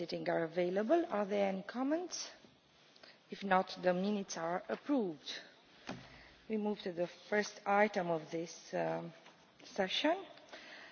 sitting are available. Are there any comments? If not, the minutes are approved. We move to the first item of this um, session